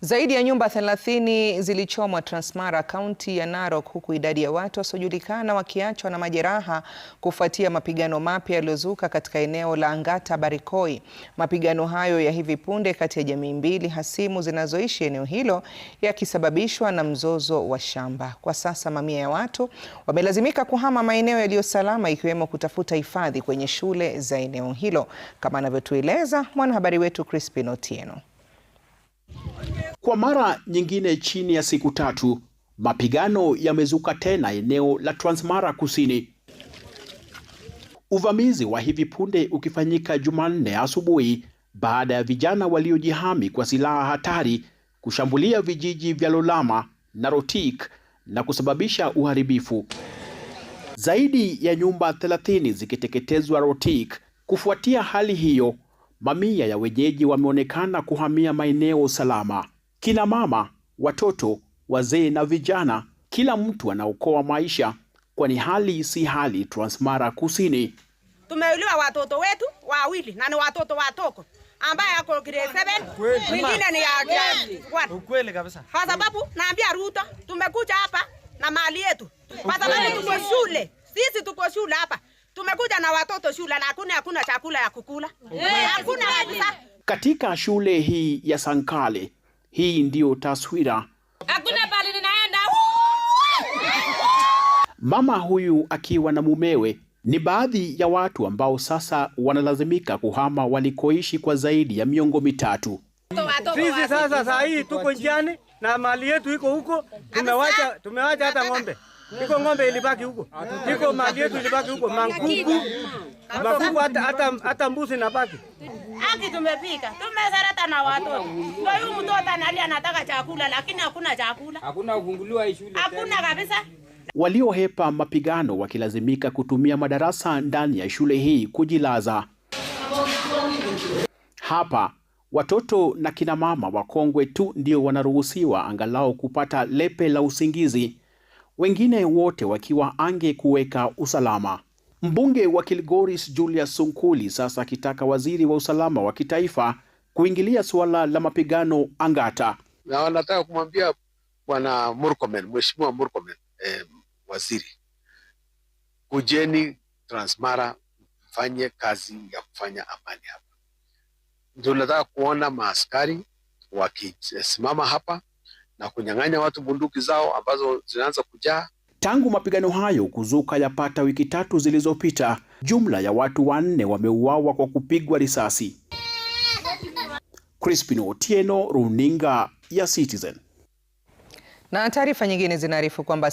Zaidi ya nyumba 30 zilichomwa Transmara, kaunti ya Narok, huku idadi ya watu wasiojulikana wakiachwa na majeraha kufuatia mapigano mapya yaliyozuka katika eneo la Angata Barikoi. Mapigano hayo ya hivi punde kati ya jamii mbili hasimu zinazoishi eneo hilo yakisababishwa na mzozo wa shamba. Kwa sasa mamia ya watu wamelazimika kuhama maeneo yaliyo salama, ikiwemo kutafuta hifadhi kwenye shule za eneo hilo, kama anavyotueleza mwanahabari wetu Crispin Otieno. Kwa mara nyingine chini ya siku tatu, mapigano yamezuka tena eneo la Transmara Kusini, uvamizi wa hivi punde ukifanyika Jumanne asubuhi baada ya vijana waliojihami kwa silaha hatari kushambulia vijiji vya Lolama na Rotik na kusababisha uharibifu. Zaidi ya nyumba 30 zikiteketezwa Rotik. Kufuatia hali hiyo, mamia ya wenyeji wameonekana kuhamia maeneo salama. Kina mama, watoto, wazee na vijana, kila mtu anaokoa maisha, kwani hali si hali Transmara Kusini. Tumeuliwa watoto wetu wawili na ni watoto watoko ambaye ako grade 7 mwingine ni ya ukweli kabisa. Kwa sababu naambia Ruto, tumekuja hapa na mali yetu, kwa sababu tuko shule, sisi tuko shule hapa, tumekuja na watoto shule na hakuna hakuna chakula ya kukula, hakuna kabisa. Katika shule hii ya Sankale hii ndiyo taswira. Hakuna bali ninaenda. Mama huyu akiwa na mumewe ni baadhi ya watu ambao sasa wanalazimika kuhama walikoishi kwa zaidi ya miongo mitatu. Sisi sasa saa hii tuko njiani na mali yetu iko huko, tumewacha tumewacha hata ng'ombe iko ng'ombe ilibaki huko, iko mali yetu ilibaki huko, mangugu magugu, hata hata hata mbuzi na baki aki. Tumepika tumezarata na watoto ndio. Huyu mtoto analia, anataka chakula, lakini hakuna chakula, hakuna ufunguliwa shule, hakuna kabisa. Waliohepa mapigano wakilazimika kutumia madarasa ndani ya shule hii kujilaza. Hapa watoto na kina kinamama wakongwe tu ndio wanaruhusiwa angalau kupata lepe la usingizi wengine wote wakiwa ange kuweka usalama. Mbunge wa Kilgoris Julius Sunkuli sasa akitaka waziri wa usalama wa kitaifa kuingilia suala la mapigano Angata, na wanataka kumwambia bwana Murkomen, mheshimiwa Murkomen, eh, waziri kujeni Transmara mfanye kazi ya kufanya amani hapa. Ndio nataka kuona maaskari wakisimama hapa na kunyang'anya watu bunduki zao ambazo zinaanza kujaa. Tangu mapigano hayo kuzuka yapata wiki tatu zilizopita, jumla ya watu wanne wameuawa kwa kupigwa risasi. Crispin Otieno, runinga ya Citizen. Na taarifa nyingine zinaarifu kwamba